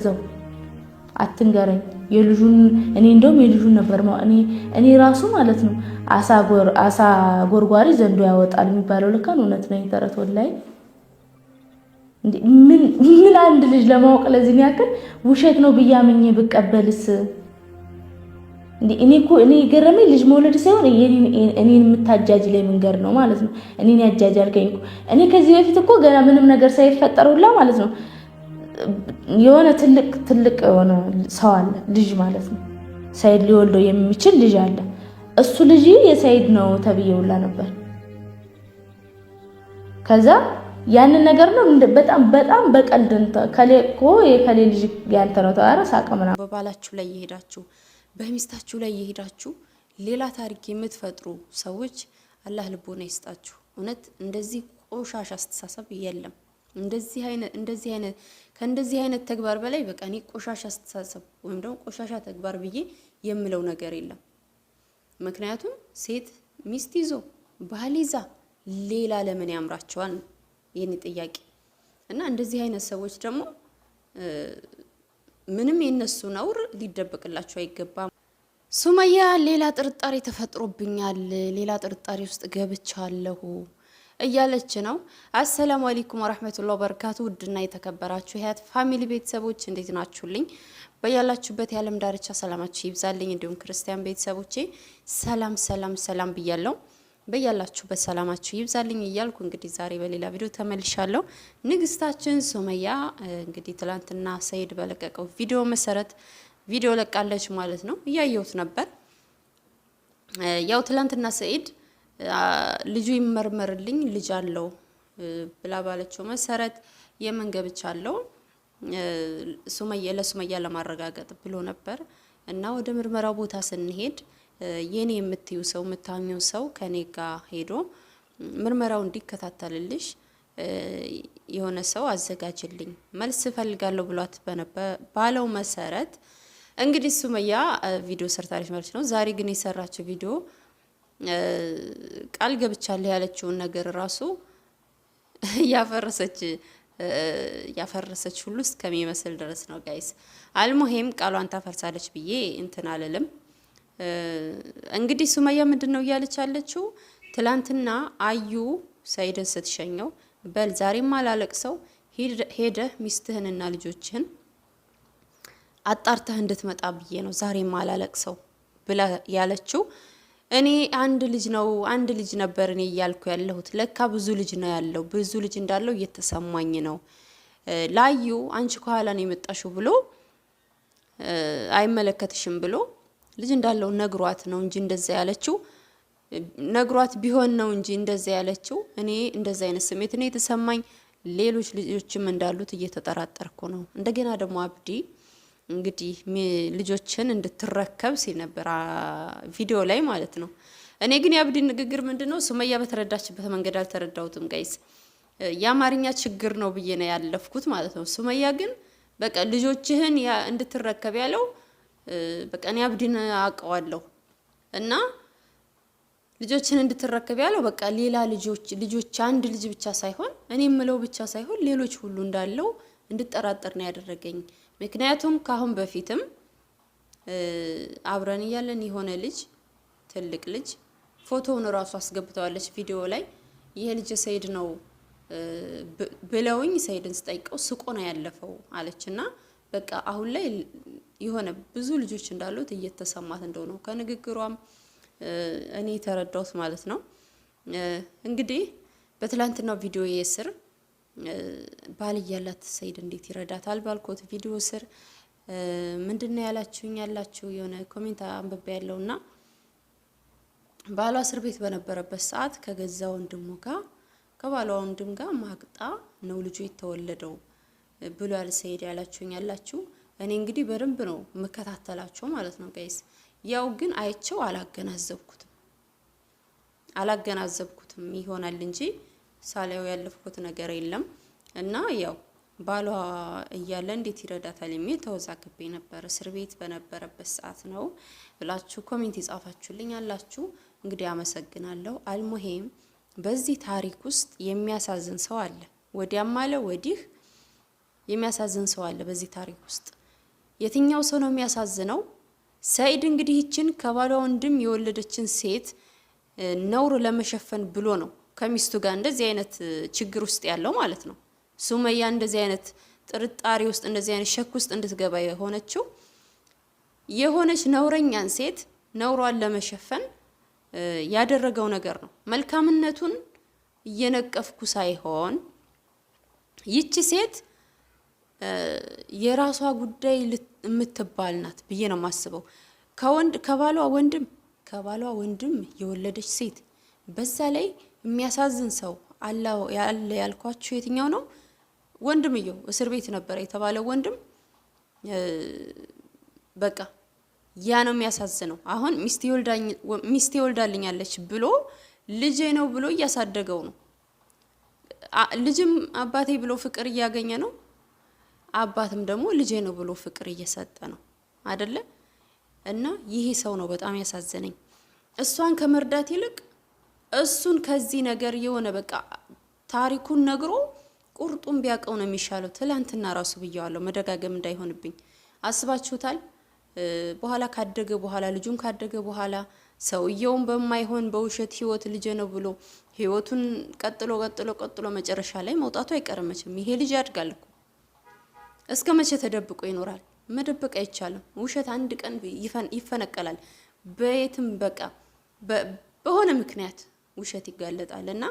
ገዛው አትንገረኝ። የልጁን እኔ እንደውም የልጁን ነበር እኔ ራሱ ማለት ነው አሳ ጎርጓሪ ዘንዶ ያወጣል የሚባለው ልካን እውነት ነው። የተረት ላይ ምን አንድ ልጅ ለማወቅ ለዚህ ያክል ውሸት ነው ብያምኜ ብቀበልስ እኔ እኮ እኔ የገረመኝ ልጅ መውለድ ሳይሆን እኔን የምታጃጅ ላይ መንገር ነው ማለት ነው። እኔን ያጃጅ አልከኝ እኮ እኔ ከዚህ በፊት እኮ ገና ምንም ነገር ሳይፈጠር ሁላ ማለት ነው የሆነ ትልቅ ትልቅ የሆነ ሰው አለ፣ ልጅ ማለት ነው። ሰይድ ሊወልደው የሚችል ልጅ አለ። እሱ ልጅ የሰይድ ነው ተብዬውላ ነበር። ከዛ ያንን ነገር ነው በጣም በጣም በቀልድ ከሌ እኮ የከሌ ልጅ ያንተ ነው ተዋረ ሳቀምና በባላችሁ ላይ የሄዳችሁ በሚስታችሁ ላይ የሄዳችሁ ሌላ ታሪክ የምትፈጥሩ ሰዎች አላህ ልቦና ይስጣችሁ። እውነት እንደዚህ ቆሻሽ አስተሳሰብ የለም። እንደዚህ እንደዚህ አይነት ከእንደዚህ አይነት ተግባር በላይ በቃ እኔ ቆሻሻ አስተሳሰብ ወይም ደግሞ ቆሻሻ ተግባር ብዬ የምለው ነገር የለም። ምክንያቱም ሴት ሚስት ይዞ ባህል ይዛ ሌላ ለምን ያምራቸዋል ነው የኔ ጥያቄ። እና እንደዚህ አይነት ሰዎች ደግሞ ምንም የነሱ ነውር ሊደበቅላቸው አይገባም። ሱመያ ሌላ ጥርጣሬ ተፈጥሮብኛል፣ ሌላ ጥርጣሬ ውስጥ ገብቻለሁ እያለች ነው። አሰላሙ አለይኩም ወራህመቱላሂ ወበረካቱ። ውድና የተከበራችሁ የሀያት ፋሚሊ ቤተሰቦች እንዴት ናችሁልኝ? በያላችሁበት የዓለም ዳርቻ ሰላማችሁ ይብዛልኝ። እንዲሁም ክርስቲያን ቤተሰቦቼ ሰላም ሰላም ሰላም ብያለሁ። በያላችሁበት ሰላማችሁ ይብዛልኝ እያልኩ እንግዲህ ዛሬ በሌላ ቪዲዮ ተመልሻለሁ። ንግስታችን ሱመያ እንግዲህ ትላንትና ሰይድ በለቀቀው ቪዲዮ መሰረት ቪዲዮ ለቃለች ማለት ነው። እያየሁት ነበር። ያው ትላንትና ሰይድ ልጁ ይመርመርልኝ ልጅ አለው ብላ ባለችው መሰረት የመን ገብቻለሁ ሱመያ ለሱመያ ለማረጋገጥ ብሎ ነበር እና ወደ ምርመራ ቦታ ስንሄድ የኔ የምትዩ ሰው የምታኘው ሰው ከኔ ጋር ሄዶ ምርመራው እንዲከታተልልሽ የሆነ ሰው አዘጋጅልኝ መልስ እፈልጋለሁ ብሏት ባለው መሰረት እንግዲህ ሱመያ ቪዲዮ ሰርታለች ማለት ነው። ዛሬ ግን የሰራችው ቪዲዮ ቃል ገብቻለሁ ያለችውን ነገር ራሱ ያፈረሰች ያፈረሰች ሁሉ እስከሚመስል ድረስ ነው ጋይስ። አልሙሄም ቃሏን ታፈርሳለች ብዬ እንትን አልልም። እንግዲህ ሱመያ ምንድን ነው እያለች ያለችው? ትላንትና አዩ ሰኢድን ስትሸኘው በል ዛሬም አላለቅሰው ሄደህ ሚስትህንና ልጆችህን አጣርተህ እንድትመጣ ብዬ ነው ዛሬም አላለቅሰው ብላ ያለችው እኔ አንድ ልጅ ነው አንድ ልጅ ነበር እኔ እያልኩ ያለሁት። ለካ ብዙ ልጅ ነው ያለው። ብዙ ልጅ እንዳለው እየተሰማኝ ነው። ላዩ አንቺ ከኋላ ነው የመጣሽው ብሎ አይመለከትሽም ብሎ ልጅ እንዳለው ነግሯት ነው እንጂ እንደዛ ያለችው ነግሯት ቢሆን ነው እንጂ እንደዛ ያለችው። እኔ እንደዛ አይነት ስሜት ነው የተሰማኝ ሌሎች ልጆችም እንዳሉት እየተጠራጠርኩ ነው። እንደገና ደግሞ አብዲ እንግዲህ ልጆችን እንድትረከብ ሲል ነበር ቪዲዮ ላይ ማለት ነው። እኔ ግን የአብዲ ንግግር ምንድን ነው ሱመያ በተረዳችበት መንገድ አልተረዳሁትም። ቀይስ የአማርኛ ችግር ነው ብዬ ነው ያለፍኩት ማለት ነው። ሱመያ ግን በቃ ልጆችህን እንድትረከብ ያለው በቃ እኔ አብዲን አውቀዋለሁ እና ልጆችን እንድትረከብ ያለው በቃ ሌላ ልጆች ልጆች አንድ ልጅ ብቻ ሳይሆን እኔ የምለው ብቻ ሳይሆን ሌሎች ሁሉ እንዳለው እንድጠራጠር ነው ያደረገኝ። ምክንያቱም ካሁን በፊትም አብረን እያለን የሆነ ልጅ ትልቅ ልጅ ፎቶውን እራሱ አስገብተዋለች ቪዲዮ ላይ ይሄ ልጅ ሰይድ ነው ብለውኝ ሰይድን ስጠይቀው ስቆ ነው ያለፈው አለች እና በቃ አሁን ላይ የሆነ ብዙ ልጆች እንዳሉት እየተሰማት እንደው ነው ከንግግሯም እኔ የተረዳሁት ማለት ነው። እንግዲህ በትላንትናው ቪዲዮ የስር ባል እያላት ሰይድ እንዴት ይረዳታል ባልኮት ቪዲዮ ስር ምንድነው ያላችሁኝ ያላችሁ የሆነ ኮሜንት አንብቤ ያለውና ባሏ እስር ቤት በነበረበት ሰዓት ከገዛ ወንድሙ ጋር ከባሏ ወንድም ጋር ማቅጣ ነው ልጁ የተወለደው ብሏል ሰይድ ያላችሁኝ ያላችሁ እኔ እንግዲህ በደንብ ነው የምከታተላቸው ማለት ነው ጋይስ። ያው ግን አይቸው አላገናዘብኩትም አላገናዘብኩትም ይሆናል እንጂ ሳላየው ያለፍኩት ነገር የለም። እና ያው ባሏ እያለ እንዴት ይረዳታል የሚል ተወዛግቤ ነበር። እስር ቤት በነበረበት ሰዓት ነው ብላችሁ ኮሜንት ይጻፋችሁልኝ አላችሁ። እንግዲህ አመሰግናለሁ። አልሙሄም በዚህ ታሪክ ውስጥ የሚያሳዝን ሰው አለ፣ ወዲያም አለ ወዲህ የሚያሳዝን ሰው አለ በዚህ ታሪክ ውስጥ። የትኛው ሰው ነው የሚያሳዝነው? ሰኢድ እንግዲህ ይችን ከባሏ ወንድም የወለደችን ሴት ነውር ለመሸፈን ብሎ ነው ከሚስቱ ጋር እንደዚህ አይነት ችግር ውስጥ ያለው ማለት ነው። ሱመያ እንደዚህ አይነት ጥርጣሬ ውስጥ እንደዚህ አይነት ሸክ ውስጥ እንድትገባ የሆነችው የሆነች ነውረኛን ሴት ነውሯን ለመሸፈን ያደረገው ነገር ነው። መልካምነቱን እየነቀፍኩ ሳይሆን ይቺ ሴት የራሷ ጉዳይ የምትባል ናት ብዬ ነው የማስበው። ከወንድ ከባሏ ወንድም ከባሏ ወንድም የወለደች ሴት በዛ ላይ የሚያሳዝን ሰው አለ ያልኳችሁ የትኛው ነው? ወንድምየው እስር ቤት ነበረ የተባለው ወንድም በቃ ያ ነው የሚያሳዝነው። አሁን ሚስቴ ወልዳልኛለች ብሎ ልጄ ነው ብሎ እያሳደገው ነው። ልጅም አባቴ ብሎ ፍቅር እያገኘ ነው። አባትም ደግሞ ልጄ ነው ብሎ ፍቅር እየሰጠ ነው አደለ? እና ይሄ ሰው ነው በጣም ያሳዘነኝ። እሷን ከመርዳት ይልቅ እሱን ከዚህ ነገር የሆነ በቃ ታሪኩን ነግሮ ቁርጡን ቢያውቀው ነው የሚሻለው። ትላንትና ራሱ ብያዋለሁ፣ መደጋገም እንዳይሆንብኝ አስባችሁታል። በኋላ ካደገ በኋላ ልጁን ካደገ በኋላ ሰውየውን በማይሆን በውሸት ህይወት ልጄ ነው ብሎ ህይወቱን ቀጥሎ ቀጥሎ ቀጥሎ መጨረሻ ላይ መውጣቱ አይቀርም መቼም። ይሄ ልጅ ያድጋል እኮ እስከ መቼ ተደብቆ ይኖራል? መደበቅ አይቻልም። ውሸት አንድ ቀን ይፈነቀላል። በየትም በቃ በሆነ ምክንያት ውሸት ይጋለጣል እና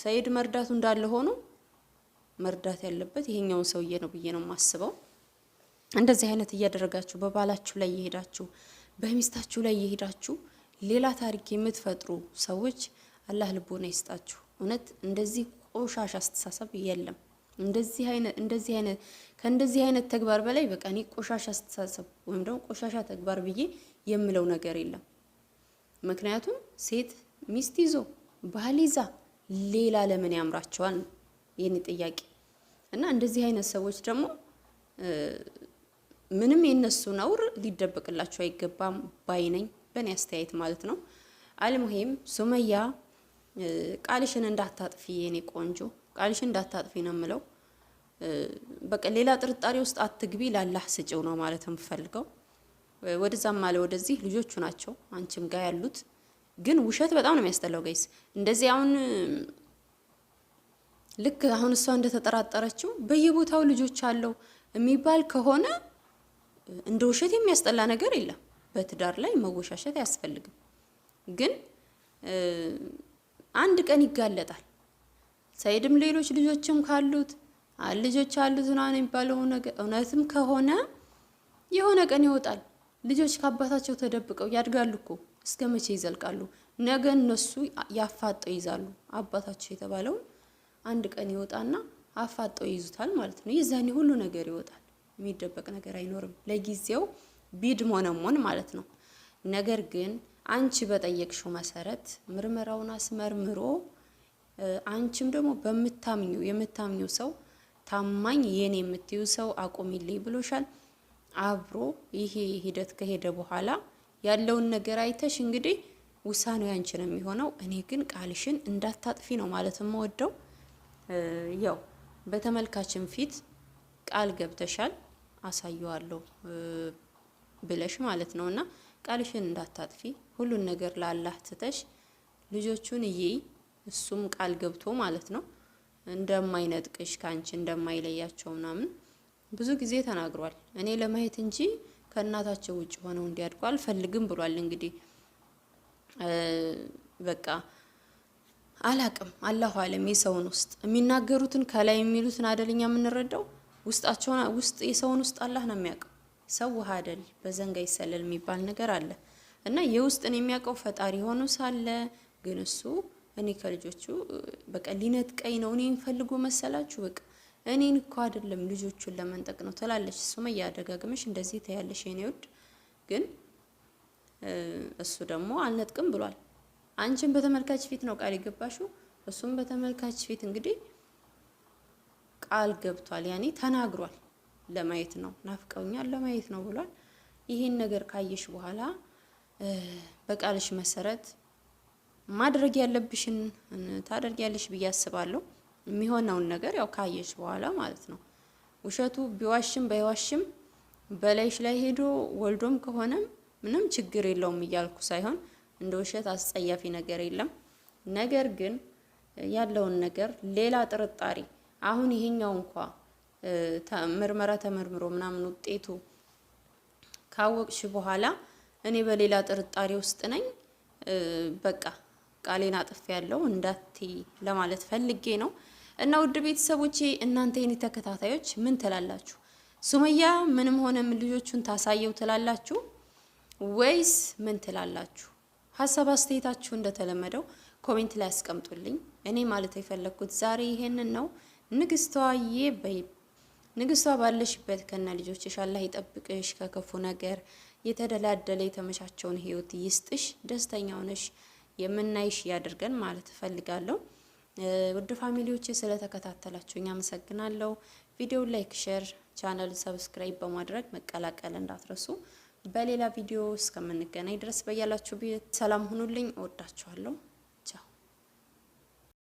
ሰይድ መርዳቱ እንዳለ ሆኖ መርዳት ያለበት ይሄኛውን ሰውዬ ነው ብዬ ነው የማስበው። እንደዚህ አይነት እያደረጋችሁ በባላችሁ ላይ እየሄዳችሁ በሚስታችሁ ላይ እየሄዳችሁ ሌላ ታሪክ የምትፈጥሩ ሰዎች አላህ ልቦና ይስጣችሁ። እውነት እንደዚህ ቆሻሽ አስተሳሰብ የለም። እንደዚህ አይነት እንደዚህ አይነት ከእንደዚህ አይነት ተግባር በላይ በቃ እኔ ቆሻሻ አስተሳሰብ ወይም ደግሞ ቆሻሻ ተግባር ብዬ የምለው ነገር የለም። ምክንያቱም ሴት ሚስት ይዞ ባህል ይዛ ሌላ ለምን ያምራቸዋል ነው የኔ ጥያቄ። እና እንደዚህ አይነት ሰዎች ደግሞ ምንም የነሱ ነውር ሊደበቅላቸው አይገባም ባይነኝ፣ በእኔ አስተያየት ማለት ነው። አልሙሄም ሱመያ ቃልሽን እንዳታጥፊ የኔ ቆንጆ፣ ቃልሽን እንዳታጥፊ ነው የምለው። በቃ ሌላ ጥርጣሬ ውስጥ አትግቢ፣ ላላህ ስጭው ነው ማለት የምፈልገው። ወደዛም አለ ወደዚህ ልጆቹ ናቸው አንቺም ጋር ያሉት ግን ውሸት በጣም ነው የሚያስጠላው ጋይስ። እንደዚህ አሁን ልክ አሁን እሷ እንደተጠራጠረችው በየቦታው ልጆች አለው የሚባል ከሆነ እንደ ውሸት የሚያስጠላ ነገር የለም። በትዳር ላይ መወሻሸት አያስፈልግም። ግን አንድ ቀን ይጋለጣል። ሰይድም ሌሎች ልጆችም ካሉት ልጆች አሉት ምናምን የሚባለው እውነትም ከሆነ የሆነ ቀን ይወጣል። ልጆች ከአባታቸው ተደብቀው ያድጋሉ እኮ እስከ መቼ ይዘልቃሉ? ነገ እነሱ ያፋጠው ይዛሉ አባታቸው የተባለውን አንድ ቀን ይወጣና አፋጠው ይይዙታል ማለት ነው። የዛኔ ሁሉ ነገር ይወጣል። የሚደበቅ ነገር አይኖርም። ለጊዜው ቢድ ሞነሞን ማለት ነው። ነገር ግን አንቺ በጠየቅሽው መሰረት ምርመራውን አስመርምሮ አንቺም ደግሞ በምታምኘው የምታምኘው ሰው ታማኝ የኔ የምትዩ ሰው አቁሚልኝ ብሎሻል። አብሮ ይሄ ሂደት ከሄደ በኋላ ያለውን ነገር አይተሽ እንግዲህ ውሳኔው ያንቺ ነው የሚሆነው። እኔ ግን ቃልሽን እንዳታጥፊ ነው ማለት የምወደው። ያው በተመልካችን ፊት ቃል ገብተሻል አሳየዋለሁ ብለሽ ማለት ነው እና ቃልሽን እንዳታጥፊ ሁሉን ነገር ላላህ ትተሽ ልጆቹን እይይ እሱም ቃል ገብቶ ማለት ነው እንደማይነጥቅሽ ከአንቺ እንደማይለያቸው ምናምን ብዙ ጊዜ ተናግሯል። እኔ ለማየት እንጂ ከእናታቸው ውጭ ሆነው እንዲያድጉ አልፈልግም ብሏል። እንግዲህ በቃ አላቅም አላሁ አለም። የሰውን ውስጥ የሚናገሩትን ከላይ የሚሉትን አደለኛ የምንረዳው ውስጣቸውን ውስጥ የሰውን ውስጥ አላህ ነው የሚያውቀው። ሰው ውሃ አደል በዘንጋ ይሰለል የሚባል ነገር አለ እና የውስጥን የሚያውቀው ፈጣሪ ሆኖ ሳለ ግን እሱ እኔ ከልጆቹ በቃ ሊነጥቀኝ ነው እኔ የሚፈልጎ መሰላችሁ በቃ እኔን እኮ አይደለም ልጆቹን ለመንጠቅ ነው ትላለች ሱመያ። አደጋግመሽ እንደዚህ ትያለሽ የኔ ውድ። ግን እሱ ደግሞ አልነጥቅም ብሏል። አንቺን በተመልካች ፊት ነው ቃል የገባሽው፣ እሱም በተመልካች ፊት እንግዲህ ቃል ገብቷል። ያኔ ተናግሯል። ለማየት ነው ናፍቀውኛል፣ ለማየት ነው ብሏል። ይሄን ነገር ካየሽ በኋላ በቃልሽ መሰረት ማድረግ ያለብሽን ታደርጊያለሽ ብዬ አስባለሁ። የሚሆነውን ነገር ያው ካየሽ በኋላ ማለት ነው። ውሸቱ ቢዋሽም ባይዋሽም በላይሽ ላይ ሄዶ ወልዶም ከሆነም ምንም ችግር የለውም እያልኩ ሳይሆን እንደ ውሸት አስጸያፊ ነገር የለም። ነገር ግን ያለውን ነገር ሌላ ጥርጣሬ አሁን ይሄኛው እንኳ ምርመራ ተመርምሮ ምናምን ውጤቱ ካወቅሽ በኋላ እኔ በሌላ ጥርጣሬ ውስጥ ነኝ፣ በቃ ቃሌን አጥፍ ያለው እንዳትዪ ለማለት ፈልጌ ነው። እና ውድ ቤተሰቦቼ እናንተ የኔ ተከታታዮች ምን ትላላችሁ? ሱመያ ምንም ሆነም ልጆቹን ታሳየው ትላላችሁ ወይስ ምን ትላላችሁ? ሀሳብ አስተያየታችሁ እንደተለመደው ኮሜንት ላይ አስቀምጡልኝ። እኔ ማለት የፈለግኩት ዛሬ ይሄንን ነው። ንግስቷ በይ ንግስቷ ባለሽበት ከነ ልጆችሽ አላህ ይጠብቅሽ ከክፉ ነገር፣ የተደላደለ የተመቻቸውን ህይወት ይስጥሽ። ደስተኛ ሆነሽ የምናይሽ ያድርገን ማለት እፈልጋለሁ። ውድ ፋሚሊዎች እኛ አመሰግናለሁ። ቪዲዮ ላይክ፣ ሼር፣ ቻነል ሰብስክራይብ በማድረግ መቀላቀል እንዳትረሱ። በሌላ ቪዲዮ እስከምንገናኝ ድረስ በያላችሁ ሰላም ሁኑልኝ። እወዳችኋለሁ።